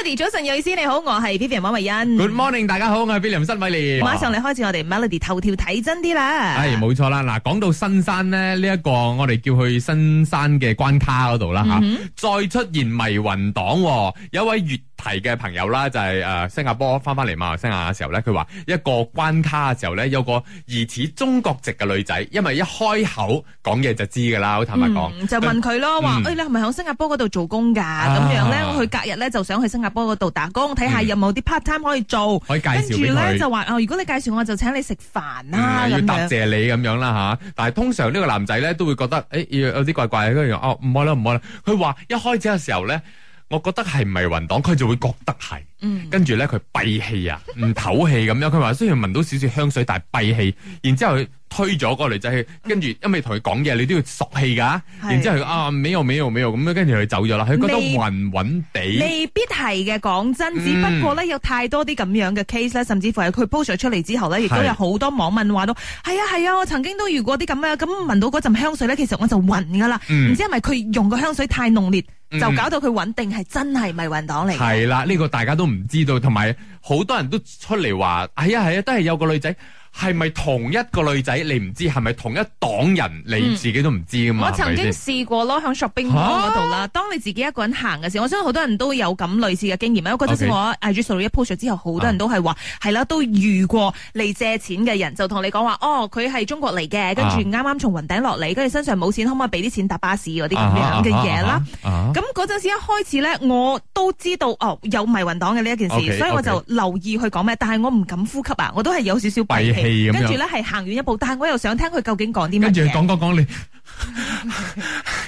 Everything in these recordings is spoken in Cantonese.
Melody 早晨，睿思你好，我係 Vivian 馬慧欣。Good morning，大家好，我係 Bill 溫偉廉。馬上嚟開始我哋 Melody 頭條睇真啲啦。係冇錯啦，嗱，講到新山咧，呢一個我哋叫去新山嘅關卡嗰度啦吓，再出現迷魂黨，有位越堤嘅朋友啦，就係誒新加坡翻翻嚟馬來西亞嘅時候咧，佢話一個關卡嘅時候咧，有個疑似中國籍嘅女仔，因為一開口講嘢就知噶啦，坦白講，就問佢咯，話誒你係咪響新加坡嗰度做工噶？咁樣咧，佢隔日咧就想去新加波嗰度打工，睇下有冇啲 part time 可以做，跟住咧就話哦，如果你介紹我就請你食飯啦，要答謝你咁樣啦吓。但係通常呢個男仔咧都會覺得誒、欸、有啲怪怪咁樣，哦唔好啦唔好啦。佢話一開始嘅時候咧，我覺得係唔係迷魂黨，佢就會覺得係，跟住咧佢閉氣啊，唔唞氣咁樣。佢話雖然聞到少少香水，但係閉氣，然之後。推咗個女仔，去，跟住一味同佢講嘢，你都要熟氣噶、啊。然之後佢啊，尾又尾又尾又咁樣，跟住佢走咗啦。佢覺得暈暈地，未必係嘅。講真、嗯，只不過咧有太多啲咁樣嘅 case 咧，甚至乎係佢 post 出嚟之後咧，亦都有好多網民話到：「係啊係啊！我曾經都遇過啲咁樣，咁聞到嗰陣香水咧，其實我就暈噶啦。唔、嗯、知係咪佢用個香水太濃烈，就搞到佢穩定係、嗯、真係迷魂黨嚟。係啦，呢、這個大家都唔知道，同埋好多人都出嚟話係啊係啊，都係有個女仔。係咪同一個女仔？你唔知係咪同一黨人？你自己都唔知噶嘛、嗯？我曾經試過咯，響 shopping mall 嗰度啦。當你自己一個人行嘅時候，我相信好多人都有咁類似嘅經驗。我嗰陣時我挨住 show 一 post 之後，好、okay。多人都係話係啦，都遇過嚟借錢嘅人，就同你講話哦，佢係中國嚟嘅，跟住啱啱從雲頂落嚟，跟住身上冇錢，可唔可以俾啲錢搭巴士嗰啲咁樣嘅嘢啦？咁嗰陣時一開始咧，我都知道哦，有迷魂黨嘅呢一件事，okay，所以我就、okay。留意去講咩，但係我唔敢呼吸啊，我都係有少少跟住咧係行遠一步，但係我又想聽佢究竟講啲咩。跟住講講講你，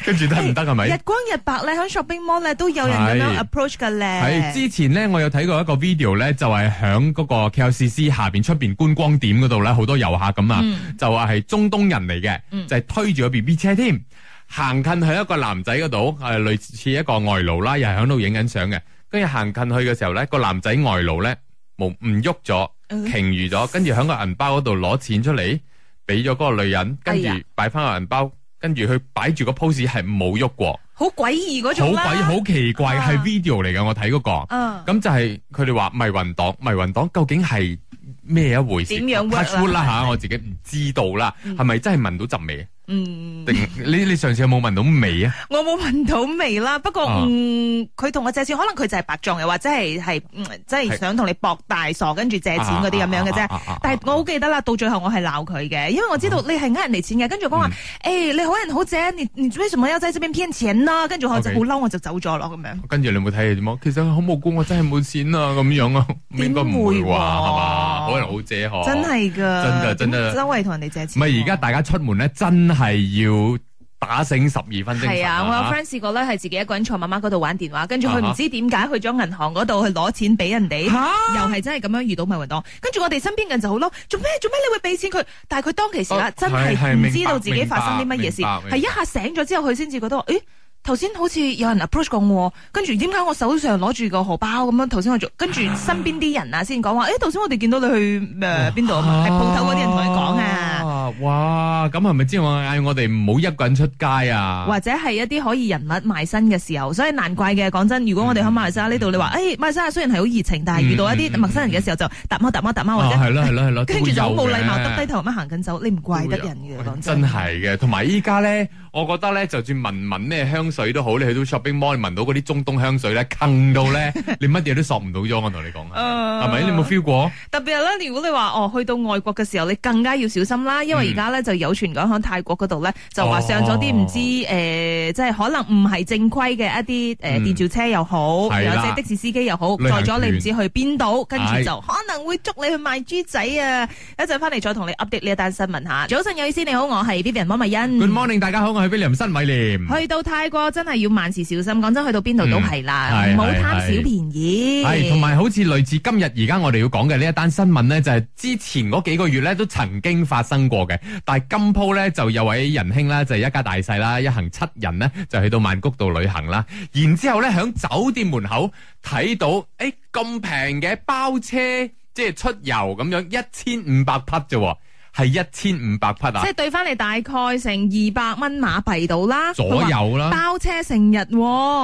跟住都唔得係咪？日光日白咧，喺 shopping mall 咧都有人咁樣 approach 噶咧係之前咧，我有睇過一個 video 咧，就係喺嗰個 KLCC 下邊出邊觀光點嗰度咧，好多遊客咁啊、嗯，就話係中東人嚟嘅，就係、是、推住個 B B 車添，行、嗯、近去一個男仔嗰度，誒、呃、類似一個外勞啦，又係喺度影緊相嘅。跟住行近去嘅時候咧，個男仔外勞咧無唔喐咗。剩餘咗，跟住喺個銀包嗰度攞錢出嚟，俾咗嗰個女人，跟住擺翻個銀包，跟住佢擺住個 pose 係冇喐過，好詭異嗰種啦，好鬼好奇怪，係、啊、video 嚟嘅，我睇嗰、那個，咁、啊、就係佢哋話迷魂黨，迷魂黨究竟係。咩一回事？點樣屈啦吓？啊、是是我自己唔知道啦，係咪真係聞到陣味？嗯，你你上次有冇聞到味啊？ 我冇聞到味啦，不過、啊、嗯，佢同我借錢，可能佢就係白撞嘅，或者係係即係想同你博大傻，跟住借錢嗰啲咁樣嘅啫。啊啊但係我好記得啦，到最後我係鬧佢嘅，因為我知道你係呃人嚟錢嘅，跟住講話誒你好人好正，你你為什麼要喺我友仔身邊騙錢啦？跟住我就好嬲，okay。我就走咗咯咁樣。跟住你有冇睇點樣？其實好無辜，我真係冇錢啊，咁樣 會啊，應該唔會話係嘛？ 可能好借學，真係噶真真真，周圍同人哋借錢。唔係而家大家出門咧，真係要打醒十二分精神、啊。係啊，我有 friend 試過咧，係、啊、自己一個人坐媽媽嗰度玩電話，跟住佢唔知點解去咗銀行嗰度去攞錢俾人哋、啊，又係真係咁樣遇到迷魂黨。跟住我哋身邊人就好咯，做咩做咩？做咩你會俾錢佢？但係佢當其時啦、啊啊、真係唔知道自己發生啲乜嘢事，係一下醒咗之後，佢先至覺得誒。咦頭先好似有人 approach 過我，跟住點解我手上攞住個荷包咁樣？頭先我做跟住身邊啲人啊，先講話。誒，頭先我哋見到你去誒邊度啊？係鋪頭嗰啲人同你講啊？哇！咁係咪知係我嗌我哋唔好一個人出街啊？或者係一啲可以人物賣身嘅時候，所以難怪嘅。講真，如果我哋喺馬來西亞呢度，你話誒、欸，馬來西亞雖然係好熱情，但係遇到一啲陌生人嘅時候就搭孖搭孖搭孖或者係、啊、跟住就好冇禮貌，耷低頭咁樣行緊走，你唔怪得人嘅。講真，真係嘅，同埋依家咧。 我覺得咧，就算聞聞咩香水都好，你去到 shopping mall，你聞到嗰啲中東香水咧，坑到咧，你乜嘢都索唔到咗。我同你講，係 咪？Uh, 你有冇 feel 過？特別係咧，如果你話哦，去到外國嘅時候，你更加要小心啦，因為而家咧就有傳講響泰國嗰度咧，就話上咗啲唔知誒，即、哦、係、呃就是、可能唔係正規嘅一啲誒、呃嗯、電召車又好，或者的，的士司機又好，載咗你唔知去邊度，跟住就可能會捉你去賣豬仔啊！一陣翻嚟再同你 update 呢一單新聞吓。早晨，有意思，你好，我係 Vivian 摩米恩 Good morning，大家好，去俾去到泰國真係要萬事小心。講真，去到邊度都係啦，唔好、嗯、貪小便宜。係，同埋好似類似今日而家我哋要講嘅呢一單新聞咧，就係、是、之前嗰幾個月咧都曾經發生過嘅，但係今鋪咧就有位仁兄啦，就係、是、一家大細啦，一行七人呢，就去到曼谷度旅行啦，然之後咧喺酒店門口睇到，咦、欸，咁平嘅包車，即係出遊咁樣一千五百匹啫。係一千五百匹啊！即係兌翻嚟大概成二百蚊馬幣到啦，左右啦，就是、右包車成日、啊，抵、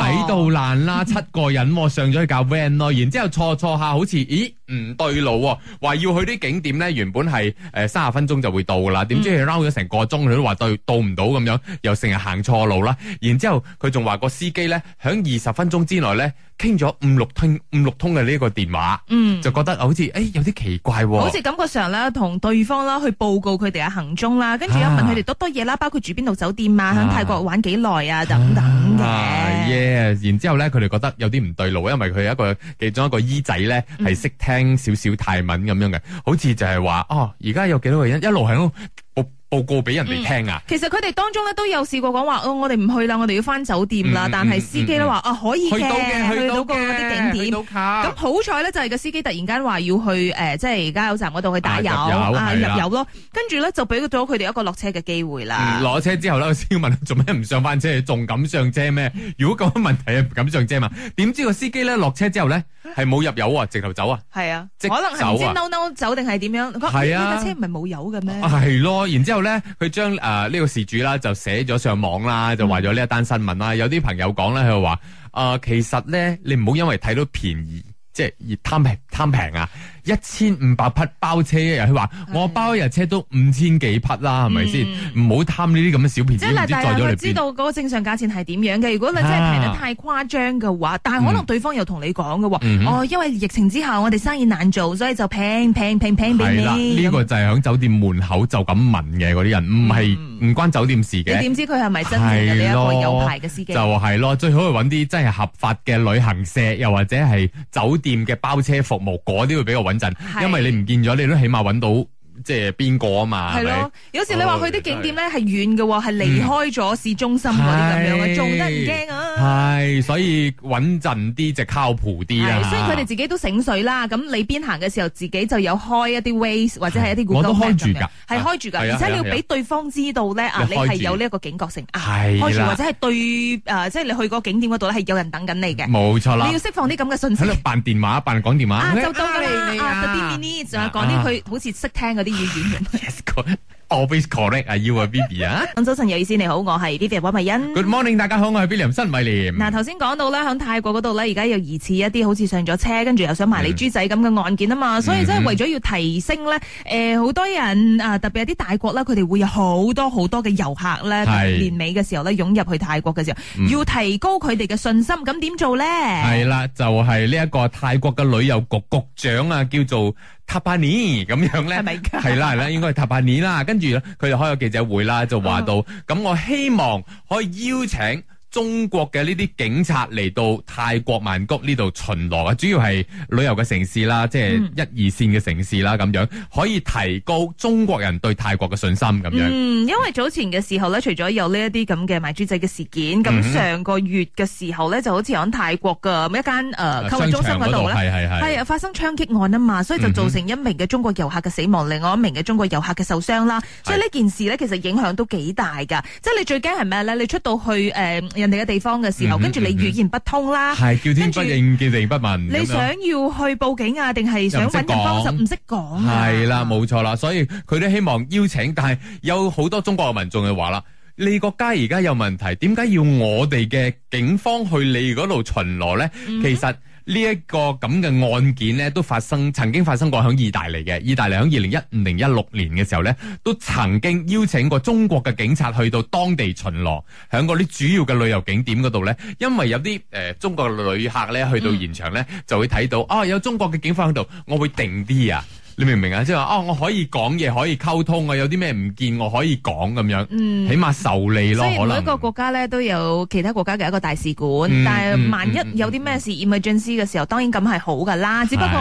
啊、到爛啦，七個人、啊、 上咗去架 van 咯，然之後坐坐下好似，咦？唔對路喎，哦，話要去啲景點咧，原本係誒三十分鐘就會到啦，點知佢撈咗成個鐘佢都話對到唔到咁樣，又成日行錯路啦。然之後佢仲話個司機咧，響二十分鐘之內咧傾咗五六通五六通嘅呢個電話，嗯，就覺得好似誒，哎，有啲奇怪喎，哦，好似感覺上啦同對方啦去報告佢哋嘅行蹤啦，跟住又問佢哋多多嘢啦，包括住邊度酒店啊，喺，啊，泰國玩幾耐啊，等等嘅。啊，啊 yeah, 然之後咧佢哋覺得有啲唔對路，因為佢一個其中一個姨，e，仔咧係識聽。聽少少泰文咁樣嘅，好似就係話哦，而家有幾多個人一路喺度報報告俾人哋聽啊！嗯、其實佢哋當中咧都有試過講話哦，我哋唔去啦，我哋要翻酒店啦、嗯。但係司機咧話啊，可以嘅，去到嘅，去到嗰啲景點。咁好彩咧、呃，就係個司機突然間話要去誒，即係而家加油站嗰度去打啊油、啊、油啊，入油咯。跟住咧就俾咗佢哋一個落車嘅機會啦。落、嗯、車之後咧司問做咩唔上翻車，仲敢上車咩、嗯？如果咁多問題啊，唔敢上車嘛？點知個司機咧落車之後咧？係冇入油啊，直頭走啊，係啊，可能唔知嬲嬲走定係點樣？係啊，架車唔係冇油嘅咩？係咯、啊，然之後咧，佢將誒呢個事主啦，就寫咗上網啦，就話咗呢一單新聞啦。有啲朋友講咧，佢話誒，其實咧，你唔好因為睇到便宜，即係而貪平貪平啊。一千五百匹包車一日，佢話我包一日車都五千幾匹啦，係咪先？唔、嗯、好貪呢啲咁嘅小便宜，唔知在知道嗰個正常價錢係點樣嘅？如果你真係平得太誇張嘅話，啊、但係可能對方又同你講嘅喎，哦，因為疫情之後我哋生意難做，所以就平平平平俾你。係啦，呢個就係喺酒店門口就咁問嘅嗰啲人，唔係唔關酒店事嘅。你點知佢係咪真正嘅一個有牌嘅司機？就係咯，最好去揾啲真係合法嘅旅行社，又或者係酒店嘅包車服務，嗰啲會比較穩。因為你唔見咗，你都起碼揾到。即係邊個啊嘛？係咯，有時你話去啲景點咧係遠嘅，係、oh, 離開咗市中心嗰啲咁樣、嗯，做得唔驚啊？係，所以穩陣啲就靠譜啲啦。所以佢哋自己都醒水啦。咁你邊行嘅時候，自己就有開一啲 way，或者係一啲我都開住噶，係開住噶，而且你要俾對方知道咧啊，你係有呢一個警覺性，啊啊、開住或者係對誒、啊，即係你去個景點嗰度咧，係有人等緊你嘅。冇錯啦，你要釋放啲咁嘅信息喺度扮電話，扮講電話啊！就都嚟你啊，就邊邊呢就講啲佢好似識聽嗰啲。 yes,、go. always correct 啊，You 啊，B B 啊。咁早晨，有意思，你好，我係 B B 黃慧欣。Good morning，大家好，我係 William 新米廉。嗱、啊，頭先講到啦，喺泰國嗰度咧，而家又疑似一啲好似上咗車，跟住又想埋你豬仔咁嘅案件啊嘛是，所以真係為咗要提升咧，誒、呃，好多人啊，特別係啲大國啦，佢哋會有好多好多嘅遊客咧，年尾嘅時候咧，湧入去泰國嘅時候、嗯，要提高佢哋嘅信心，咁點做咧？係啦，就係呢一個泰國嘅旅遊局局長啊，叫做。塔巴尼咁樣咧，係啦係啦，應該係塔巴尼啦。跟住咧，佢就開個記者會啦，就話到咁，oh. 我希望可以邀請。中國嘅呢啲警察嚟到泰國曼谷呢度巡邏啊，主要係旅遊嘅城市啦，即係一二線嘅城市啦，咁、嗯、樣可以提高中國人對泰國嘅信心咁樣。嗯，因為早前嘅時候咧，除咗有呢一啲咁嘅賣豬仔嘅事件，咁、嗯、上個月嘅時候咧，就好似喺泰國嘅一間誒購物中心嗰度咧，係係係，係啊，發生槍擊案啊嘛，所以就造成一名嘅中國遊客嘅死亡，另外一名嘅中國遊客嘅受傷啦、嗯。所以呢件事咧，其實影響都幾大噶。即係你最驚係咩咧？你出到去誒。呃人哋嘅地方嘅時候，跟住你語言不通啦，係叫天不應，叫地不聞。你想要去報警啊，定係想揾人幫手，就唔識講啊。係啦，冇錯啦，所以佢都希望邀請，但係有好多中國嘅民眾就話啦：你國家而家有問題，點解要我哋嘅警方去你嗰度巡邏咧？其實。呢、這、一個咁嘅案件呢都發生，曾經發生過喺意大利嘅。意大利喺二零一零一六年嘅時候呢都曾經邀請過中國嘅警察去到當地巡邏，喺嗰啲主要嘅旅遊景點嗰度呢，因為有啲誒、呃、中國旅客呢去到現場呢就會睇到啊、嗯哦、有中國嘅警方喺度，我會定啲啊。你明唔明啊？即係話哦，我可以講嘢，可以溝通啊！有啲咩唔見我可以講咁樣，嗯、起碼受理咯一。可能每個國家咧都有其他國家嘅一個大使館、嗯，但係萬一有啲咩事意外進失嘅時候，當然咁係好噶啦。只不過、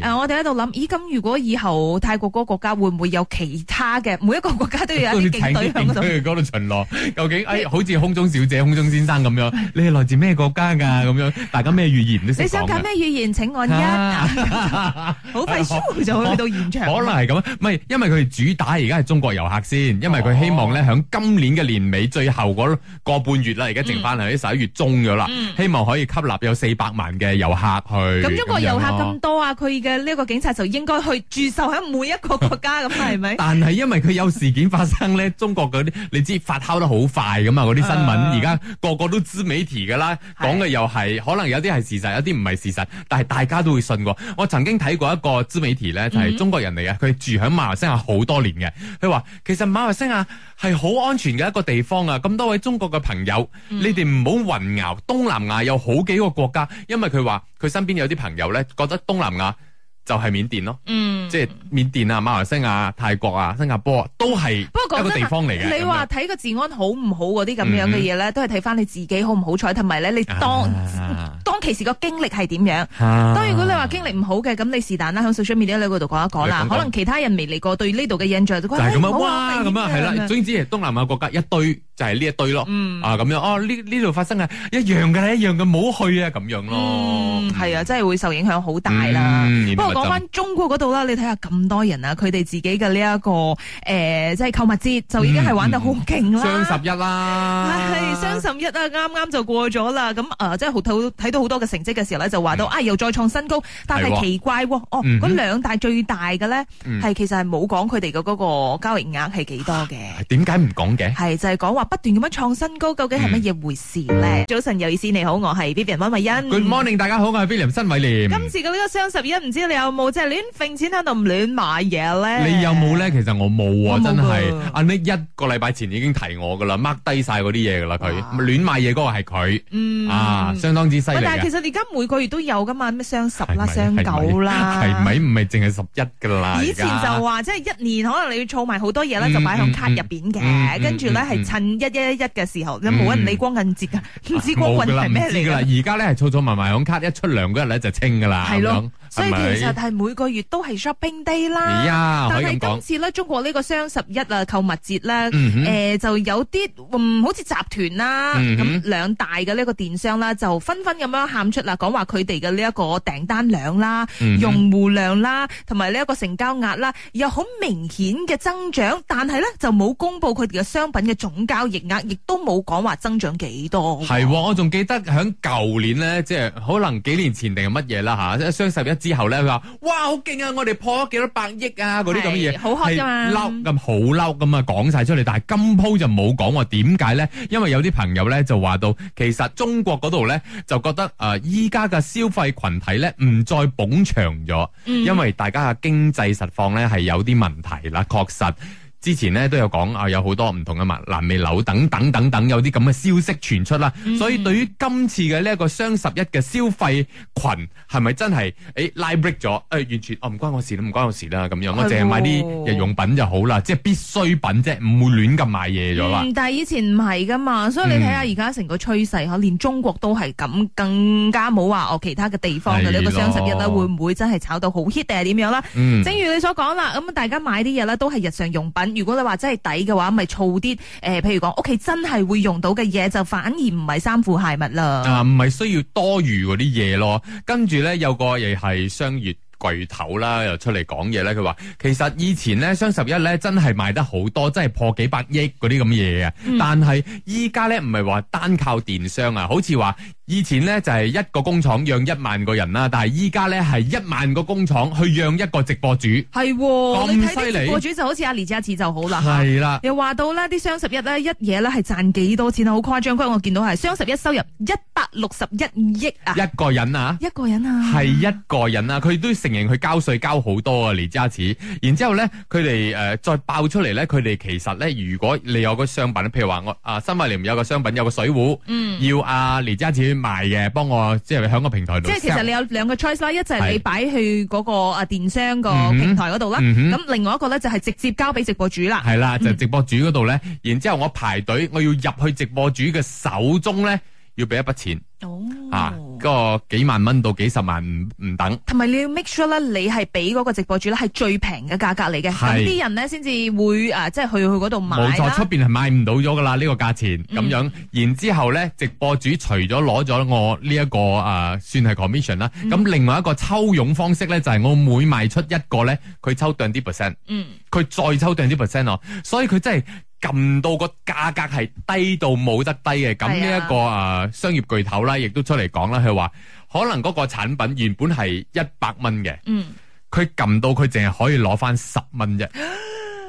呃、我哋喺度諗，咦咁如果以後泰國嗰個國家會唔會有其他嘅？每一個國家都有一隊、那個警隊喺嗰度巡邏。究竟、哎、好似空中小姐、空中先生咁樣，你係來自咩國家噶？咁、嗯、樣大家咩語言都識講。你想講咩語言？請按一好費事就去 現場可能係咁，唔係因為佢主打而家係中國遊客先，因為佢、哦、希望咧響今年嘅年尾最後嗰個半月啦，而、嗯、家剩翻嚟十一月中咗啦、嗯，希望可以吸納有四百萬嘅遊客去。咁中國遊客咁多啊，佢嘅呢個警察就應該去駐守喺每一個國家咁係係咪？但係因為佢有事件發生咧， 中國嗰啲你知發酵得好快咁嘛，嗰啲新聞而家個個都自媒體㗎啦，講嘅又係可能有啲係事實，有啲唔係事實，但係大家都會信過。我曾經睇過一個自媒體咧，就係、是嗯。中國人嚟嘅，佢住喺馬來西亞好多年嘅。佢話其實馬來西亞係好安全嘅一個地方啊！咁多位中國嘅朋友，嗯、你哋唔好混淆東南亞有好幾個國家，因為佢話佢身邊有啲朋友呢覺得東南亞。就係、是、緬甸咯，嗯、即係緬甸啊、馬來西亞、啊、泰國啊、新加坡啊，都係一個地方嚟嘅。你話睇個治安好唔好嗰啲咁樣嘅嘢咧，都係睇翻你自己好唔好彩，同埋咧你當、啊、當其時個經歷係點樣。當、啊、如果你話經歷唔好嘅，咁你說說是但啦，喺緬甸呢個度講一講啦。可能其他人未嚟過，對呢度嘅印象都就係、是、咁啊，哇咁啊，係啦。總之，東南亞國家一堆就係呢一堆咯。嗯、啊咁樣哦，呢呢度發生嘅一樣嘅一樣嘅，冇去啊咁樣咯。係、嗯嗯、啊，真係會受影響好大啦。嗯講翻中國嗰度啦，你睇下咁多人啊，佢哋自己嘅呢一個誒、呃，即係購物節就已經係玩得好勁啦。雙十一啦，係雙十一啊，啱啱、啊、就過咗啦。咁、嗯、啊、呃，即係好睇到好多嘅成績嘅時候咧，就話到、嗯、啊，又再創新高，但係奇怪喎、嗯，哦，嗰兩大最大嘅咧，係、嗯、其實係冇講佢哋嘅嗰個交易額係幾多嘅。點解唔講嘅？係就係講話不斷咁樣創新高，究竟係乜嘢回事咧、嗯？早晨，有意思，你好，我係 Vivian 溫慧欣。Good morning，大家好，我係 William 申偉廉。今次嘅呢個雙十一，唔知你有？有冇即係亂揈錢喺度亂買嘢咧？你有冇咧？其實我冇啊，沒真係。啊，呢、那、一個禮拜前已經提我噶啦，mark 低晒嗰啲嘢噶啦，佢亂買嘢嗰個係佢、嗯。啊，相當之犀利。但係其實而家每個月都有噶嘛，咩雙十啦、雙九啦，係咪唔係淨係十一噶啦？以前就話、嗯、即係一年可能你要儲埋好很多嘢咧、嗯，就擺喺卡入邊嘅，跟住咧係趁一一一嘅時候，你、嗯、冇人理光，銀節、啊、光棍節、啊、噶？唔知光棍係咩嚟噶啦？而家咧係儲儲埋埋喺卡，一出糧嗰日咧就清噶啦。係咯，所以是是其實。但係每個月都係 shopping day 啦，哎、以但係今次咧中國呢個雙十一啊購物節咧，誒、嗯呃、就有啲、嗯、好似集團啦，咁、嗯、兩大嘅呢個電商啦，就紛紛咁樣喊出啦，講話佢哋嘅呢一個訂單量啦、嗯、用戶量啦，同埋呢一個成交額啦，有好明顯嘅增長，但係呢，就冇公布佢哋嘅商品嘅總交易額，亦都冇講話增長幾多、啊。係、哦，我仲記得喺舊年呢，即係可能幾年前定係乜嘢啦嚇，即係雙十一之後呢。哇，好勁啊！我哋破咗幾多百億啊！嗰啲咁嘅嘢，好開心啊！嬲咁好嬲咁嘛，講晒出嚟。但係今鋪就冇講，點解咧？因為有啲朋友咧就話到，其實中國嗰度咧就覺得誒，依家嘅消費群體咧唔再捧場咗，因為大家嘅經濟實況咧係有啲問題啦，確實。之前咧都有講啊，有好多唔同嘅物，南美樓等等等等，等等，有啲咁嘅消息傳出啦、嗯。所以對於今次嘅呢一個雙十一嘅消費群，係咪真係誒、欸、拉 break 咗、欸？完全哦，唔、啊、關我事啦，唔關我事啦，咁樣我淨係買啲日用品就好啦，即係必需品，即係唔會亂咁買嘢咗啦。但係以前唔係噶嘛，所以你睇下而家成個趨勢嚇、嗯，連中國都係咁，更加冇話哦其他嘅地方嘅呢、呢個雙十一呢，會唔會真係炒到好 hit 定係點樣啦、嗯？正如你所講啦，咁大家買啲嘢咧都係日常用品。如果你話真係抵嘅話，咪儲啲誒，譬如講屋企真係會用到嘅嘢，就反而唔係衫褲鞋襪啦。啊，唔係需要多餘嗰啲嘢咯。跟住咧，有個又係商業巨頭啦，又出嚟講嘢咧。佢話其實以前咧，雙十一咧真係賣得好多，真係破幾百億嗰啲咁嘢。但係依家咧唔係話單靠電商啊，好似話。以前咧就係一個工廠養一萬個人啦，但係依家咧係一萬個工廠去養一個直播主，係咁犀利。直播主就好似阿尼扎次就好啦，係啦。又、啊、話到咧啲雙十一咧一嘢，咧係賺幾多錢啊，好誇張。不過我見到係雙十一收入一百六十一億啊，一個人啊，一個人啊，係一個人啊，佢都承認佢交稅交好多啊，尼扎次。然之後咧，佢哋誒再爆出嚟咧，佢哋其實咧，如果你有個商品，譬如話我啊新發聯有個商品有個水壺，嗯，要啊尼扎次。賣嘅，幫我即係喺個平台度。即係其實你有兩個 choice 啦，一就係你擺去嗰個啊電商個平台嗰度啦，咁另外一個咧就係直接交俾直播主啦。係啦，就係直播主嗰度咧，然之後我排隊，我要入去直播主嘅手中咧，要俾一筆錢。哦，啊。個幾萬蚊到幾十萬唔唔等，同埋你要 make sure 咧，你係俾嗰個直播主咧係最平嘅價格嚟嘅，咁啲人咧先至會誒，即係去去嗰度買。冇錯，出邊係買唔到咗噶啦，呢個價錢咁樣。嗯、然之後咧，直播主除咗攞咗我呢一個誒，算係 commission 啦。咁另外一個抽佣方式咧，就係我每賣出一個咧，佢抽掉啲 percent。嗯，佢再抽掉啲 percent，所以佢真係。撳到個價格係低到冇得低嘅，咁呢一個啊、呃、商業巨頭啦，亦都出嚟講啦，佢話可能嗰個產品原本係一百蚊嘅，嗯，佢撳到佢淨係可以攞翻十蚊啫，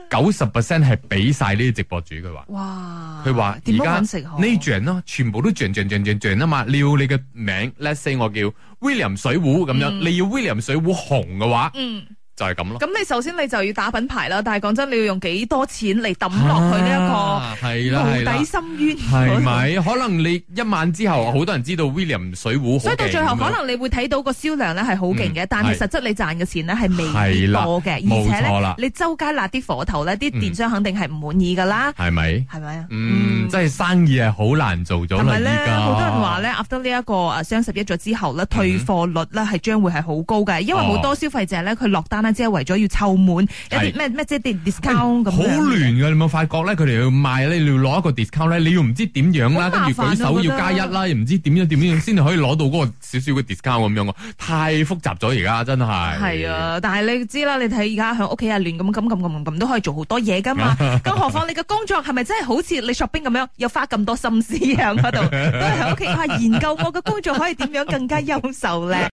九十 percent 係俾晒呢啲直播主，佢話，哇，佢話而家呢轉囉，全部都轉轉轉轉轉啊嘛，你要你嘅名，Let's say 我叫 William 水壺咁樣，嗯、你要 William 水壺紅嘅話，嗯。就係咁咯。咁你首先你就要打品牌啦，但係講真，你要用幾多錢嚟抌落去呢一個無底深淵？係、啊、咪？可能你一晚之後，好多人知道 William 水壺，所以到最後可能你會睇到個銷量咧係好勁嘅，但係實質你賺嘅錢咧係未多嘅，而且呢，你周街焫啲火頭咧，啲電商肯定係唔滿意噶啦，係、嗯、咪？係咪啊？嗯，即係生意係好難做咗。係咪咧？好多人話咧，after 呢一個啊雙十一咗之後咧，退貨率咧係、嗯、將會係好高嘅，因為好多消費者咧佢落單。即係為咗要湊滿一啲咩咩即 discount 咁，好亂噶你有冇發覺咧？佢哋要賣你要攞一個 discount 咧，你要唔知點樣啦，跟住、啊、舉手要加一啦，又唔知點樣點樣先至可以攞到嗰個少少嘅 discount 咁樣，太複雜咗而家真係。係啊，但係你知啦，你睇而家響屋企啊，亂咁咁咁咁咁都可以做好多嘢噶嘛！咁 何況你嘅工作係咪真係好似李索冰咁樣，又花咁多心思喺嗰度？ 都喺屋企研究我嘅工作可以點樣更加優秀咧？